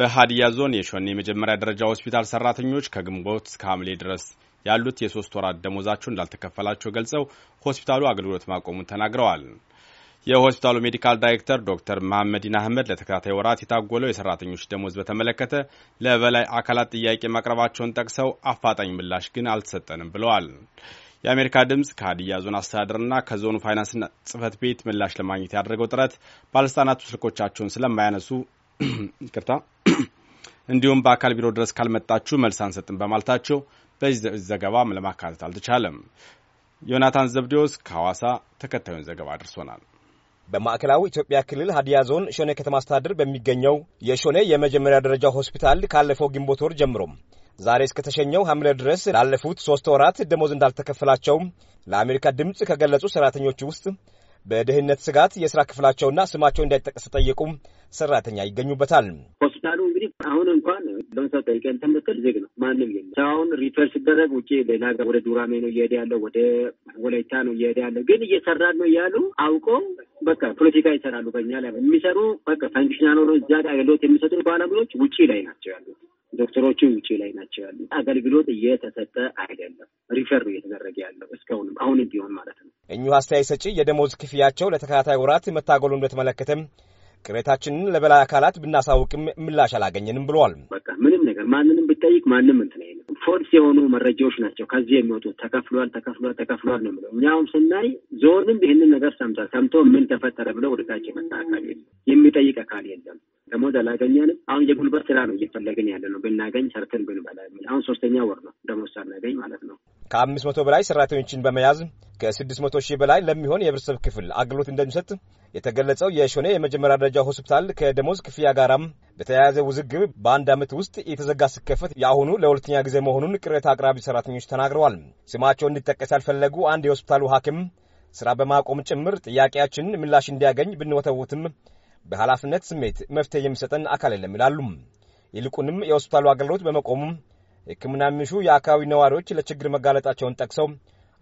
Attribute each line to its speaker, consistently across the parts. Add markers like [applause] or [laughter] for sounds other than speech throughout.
Speaker 1: በሀዲያ ዞን የሾኔ የመጀመሪያ ደረጃ ሆስፒታል ሰራተኞች ከግንቦት እስከ ሐምሌ ድረስ ያሉት የሶስት ወራት ደሞዛቸው እንዳልተከፈላቸው ገልጸው ሆስፒታሉ አገልግሎት ማቆሙን ተናግረዋል። የሆስፒታሉ ሜዲካል ዳይሬክተር ዶክተር መሐመዲን አህመድ ለተከታታይ ወራት የታጎለው የሰራተኞች ደሞዝ በተመለከተ ለበላይ አካላት ጥያቄ ማቅረባቸውን ጠቅሰው አፋጣኝ ምላሽ ግን አልተሰጠንም ብለዋል። የአሜሪካ ድምፅ ከሀዲያ ዞን አስተዳደርና ከዞኑ ፋይናንስና ጽህፈት ቤት ምላሽ ለማግኘት ያደረገው ጥረት ባለስልጣናቱ ስልኮቻቸውን ስለማያነሱ [clears throat] ይቅርታ እንዲሁም በአካል ቢሮ ድረስ ካልመጣችሁ መልስ አንሰጥም በማለታቸው በዚህ ዘገባ ለማካተት አልተቻለም። ዮናታን ዘብዴዎስ ከሐዋሳ ተከታዩን ዘገባ አድርሶናል። በማዕከላዊ ኢትዮጵያ ክልል ሀዲያ ዞን ሾኔ ከተማ አስተዳደር በሚገኘው የሾኔ የመጀመሪያ ደረጃ ሆስፒታል ካለፈው ግንቦት ወር ጀምሮ ዛሬ እስከተሸኘው ሐምሌ ድረስ ላለፉት ሶስት ወራት ደሞዝ እንዳልተከፈላቸው ለአሜሪካ ድምፅ ከገለጹ ሰራተኞች ውስጥ በደህንነት ስጋት የስራ ክፍላቸውና ስማቸው እንዳይጠቀስ ጠየቁም ሰራተኛ ይገኙበታል።
Speaker 2: ሆስፒታሉ እንግዲህ አሁን እንኳን ለምሳሌ ጠይቀን ተምትል ዜግ ነው ማንም የለ። አሁን ሪፈር ሲደረግ ውጭ ሌላ ወደ ዱራሜ ነው እየሄደ ያለው፣ ወደ ወላይታ ነው እየሄደ ያለው። ግን እየሰራ ነው እያሉ አውቆ በቃ ፖለቲካ ይሰራሉ። በኛ ላይ የሚሰሩ በቃ ፈንክሽናል ሆኖ እዛ አገልግሎት የሚሰጡ ባለሙያዎች ውጭ ላይ ናቸው ያሉት። ዶክተሮቹ ውጭ ላይ ናቸው ያሉት። አገልግሎት እየተሰጠ አይደለም። ሪፈር ነው እየተደረገ ያለው
Speaker 1: እኚሁ አስተያየት ሰጪ የደሞዝ ክፍያቸው ለተከታታይ ወራት መታገሉ እንደተመለከተም ቅሬታችንን ለበላይ አካላት ብናሳውቅም ምላሽ አላገኘንም ብለዋል።
Speaker 2: በቃ ምንም ነገር ማንንም ብጠይቅ ማንም እንትን አይልም። ፎልስ የሆኑ መረጃዎች ናቸው ከዚህ የሚወጡት ተከፍሏል፣ ተከፍሏል፣ ተከፍሏል ነው ብለው እኛውም ስናይ ዞንም ይህንን ነገር ሰምቷል። ሰምቶ ምን ተፈጠረ ብለው ወደ ታች የመጣ አካል የለም፣ የሚጠይቅ አካል የለም። ደሞዝ አላገኘንም። አሁን የጉልበት ስራ ነው እየፈለግን ያለ ነው። ብናገኝ ሰርተን ብንበላ። አሁን ሶስተኛ ወር ነው ደሞዝ ሳናገኝ ማለት ነው።
Speaker 1: ከአምስት መቶ በላይ ሰራተኞችን በመያዝ ከ600 ሺህ በላይ ለሚሆን የህብረተሰብ ክፍል አገልግሎት እንደሚሰጥ የተገለጸው የሾኔ የመጀመሪያ ደረጃ ሆስፒታል ከደሞዝ ክፍያ ጋራም በተያያዘ ውዝግብ በአንድ ዓመት ውስጥ የተዘጋ ሲከፈት የአሁኑ ለሁለተኛ ጊዜ መሆኑን ቅሬታ አቅራቢ ሰራተኞች ተናግረዋል። ስማቸው እንዲጠቀስ ያልፈለጉ አንድ የሆስፒታሉ ሐኪም ስራ በማቆም ጭምር ጥያቄያችን ምላሽ እንዲያገኝ ብንወተውትም በኃላፊነት ስሜት መፍትሄ የሚሰጠን አካል የለም ይላሉ። ይልቁንም የሆስፒታሉ አገልግሎት በመቆሙ ሕክምና የሚሹ የአካባቢ ነዋሪዎች ለችግር መጋለጣቸውን ጠቅሰው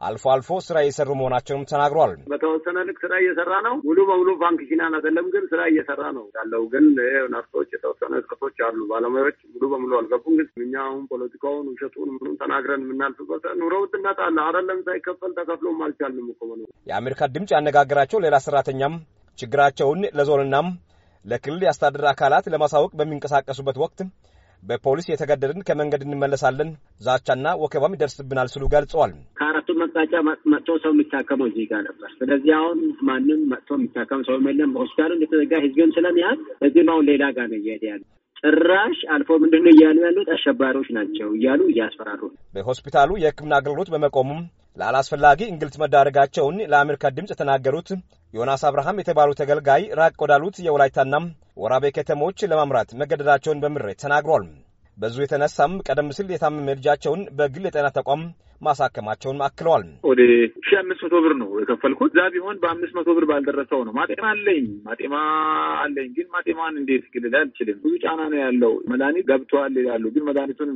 Speaker 1: አልፎ አልፎ ስራ እየሰሩ መሆናቸውንም ተናግሯል።
Speaker 2: በተወሰነ ልክ ስራ እየሰራ ነው። ሙሉ በሙሉ ፋንክሽናል አይደለም፣ ግን ስራ እየሰራ ነው ያለው። ግን ናፍቶች የተወሰነ እጥረቶች አሉ። ባለሙያዎች ሙሉ በሙሉ አልገቡም። ግን እኛ አሁን ፖለቲካውን ውሸቱን ምኑን ተናግረን የምናልፍበት ኑሮ ውድነት አለ አይደለም። ሳይከፈል ተከፍሎም አልቻልንም እኮ ነው።
Speaker 1: የአሜሪካ ድምጽ ያነጋገራቸው ሌላ ሰራተኛም ችግራቸውን ለዞንናም ለክልል የአስተዳደር አካላት ለማሳወቅ በሚንቀሳቀሱበት ወቅት በፖሊስ የተገደድን ከመንገድ እንመለሳለን፣ ዛቻና ወከባም ይደርስብናል ስሉ ገልጸዋል።
Speaker 2: በእሱም አቅጣጫ መጥቶ ሰው የሚታከመው እዚህ ጋር ነበር። ስለዚህ አሁን ማንም መጥቶ የሚታከም ሰው የለም። ሆስፒታሉ እንደተዘጋ ህዝብም ስለሚያል እዚህም አሁን ሌላ ጋር ነው እየሄደ ያለ ጭራሽ አልፎ ምንድን ነው እያሉ ያሉት አሸባሪዎች ናቸው እያሉ እያስፈራሩ ነው።
Speaker 1: በሆስፒታሉ የህክምና አገልግሎት በመቆሙም ለአላስፈላጊ እንግልት መዳረጋቸውን ለአሜሪካ ድምፅ የተናገሩት ዮናስ አብርሃም የተባሉ ተገልጋይ ራቅ ወዳሉት የወላይታና ወራቤ ከተሞች ለማምራት መገደዳቸውን በምሬት ተናግሯል። በዙ የተነሳም ቀደም ሲል የታመመ ልጃቸውን በግል የጤና ተቋም
Speaker 2: ማሳከማቸውን አክለዋል። ወደ ሺ አምስት መቶ ብር ነው የከፈልኩት። እዛ ቢሆን በአምስት መቶ ብር ባልደረሰው ነው። ማጤማ አለኝ ማጤማ አለኝ፣ ግን ማጤማን እንዴት ግልል አልችልም። ብዙ ጫና ነው ያለው። መድኃኒት ገብተዋል ይላሉ፣ ግን መድኃኒቱን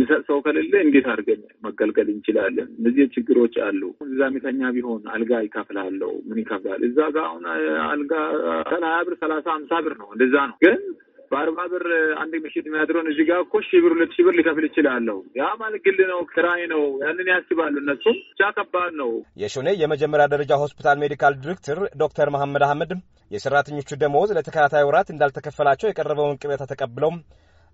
Speaker 2: ምሰጥ ሰው ከሌለ እንዴት አድርገን መገልገል እንችላለን? እነዚህ ችግሮች አሉ። እዛ ሚተኛ ቢሆን አልጋ ይከፍላለው። ምን ይከፍላል? እዛ ጋ አሁን አልጋ ሀያ ብር ሰላሳ አምሳ ብር ነው። እንደዛ ነው ግን በአርባ ብር አንድ ምሽት የሚያድረውን እዚህ ጋር እኮ ሺህ ብር ሁለት ሺህ ብር ሊከፍል ይችላለሁ። ያ ማለት ግል ነው፣ ክራይ ነው፣ ያንን ያስባሉ እነሱም ብቻ ከባድ ነው።
Speaker 1: የሾኔ የመጀመሪያ ደረጃ ሆስፒታል ሜዲካል ዲሬክተር ዶክተር መሐመድ አህመድ የሰራተኞቹ ደሞዝ ለተከታታይ ወራት እንዳልተከፈላቸው የቀረበውን ቅሬታ ተቀብለው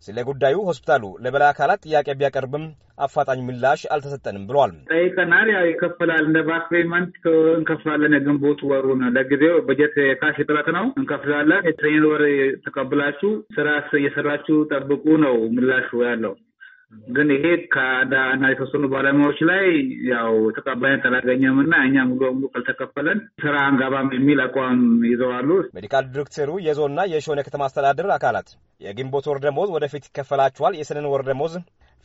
Speaker 1: ስለ ጉዳዩ ሆስፒታሉ ለበላይ አካላት ጥያቄ ቢያቀርብም አፋጣኝ ምላሽ አልተሰጠንም ብሏል።
Speaker 2: ጠይቀናል። ያው ይከፈላል እንደ ባክ ፔመንት እንከፍላለን። የግንቦት ወሩን ለጊዜው በጀት የካሽ እጥረት ነው እንከፍላለን። የትሬኒንግ ወር ተቀብላችሁ ስራ እየሰራችሁ ጠብቁ ነው ምላሹ ያለው። ግን ይሄ ከአዳና የተወሰኑ ባለሙያዎች ላይ ያው ተቀባይነት አላገኘም እና እኛ ሙሉ በሙሉ ካልተከፈለን ስራ አንጋባም የሚል
Speaker 1: አቋም ይዘዋሉ። ሜዲካል ዲሬክተሩ የዞንና የሾነ ከተማ አስተዳደር አካላት የግንቦት ወር ደሞዝ ወደፊት ይከፈላችኋል፣ የሰኔን ወር ደሞዝ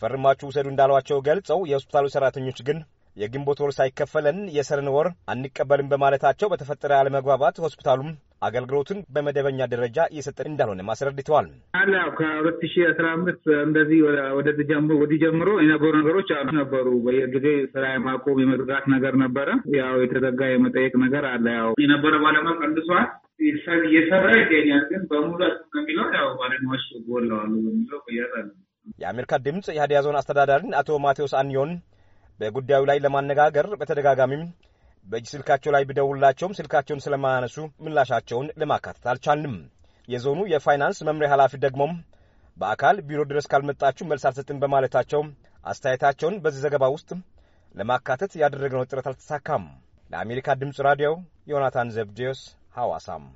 Speaker 1: ፈርማችሁ ውሰዱ እንዳሏቸው ገልጸው የሆስፒታሉ ሰራተኞች ግን የግንቦት ወር ሳይከፈለን የሰኔን ወር አንቀበልም በማለታቸው በተፈጠረ አለመግባባት ሆስፒታሉም አገልግሎቱን በመደበኛ ደረጃ እየሰጠ እንዳልሆነ አስረድተዋል።
Speaker 2: አለ ከሁለት ሺ አስራ አምስት እንደዚህ ወደዚህ ጀምሮ ወዲህ ጀምሮ የነበሩ ነገሮች አሉ ነበሩ። በየጊዜ ስራ የማቆም የመዝጋት ነገር ነበረ። ያው የተዘጋ የመጠየቅ ነገር አለ። ያው የነበረ ባለሙያ ቀንድሷል እየሰራ ይገኛል። ግን በሙሉ ከሚለው ያው ባለሙያዎች
Speaker 1: ጎለዋሉ በሚለው ያዛለ የአሜሪካ ድምፅ የሀዲያ ዞን አስተዳዳሪን አቶ ማቴዎስ አንዮን በጉዳዩ ላይ ለማነጋገር በተደጋጋሚም በእጅ ስልካቸው ላይ ብደውላቸውም ስልካቸውን ስለማያነሱ ምላሻቸውን ለማካተት አልቻልንም። የዞኑ የፋይናንስ መምሪያ ኃላፊ ደግሞም በአካል ቢሮ ድረስ ካልመጣችሁ መልስ አልሰጥም በማለታቸው አስተያየታቸውን በዚህ ዘገባ ውስጥ ለማካተት ያደረግነው ጥረት አልተሳካም። ለአሜሪካ ድምፅ ራዲዮ ዮናታን ዘብዴዎስ ሐዋሳም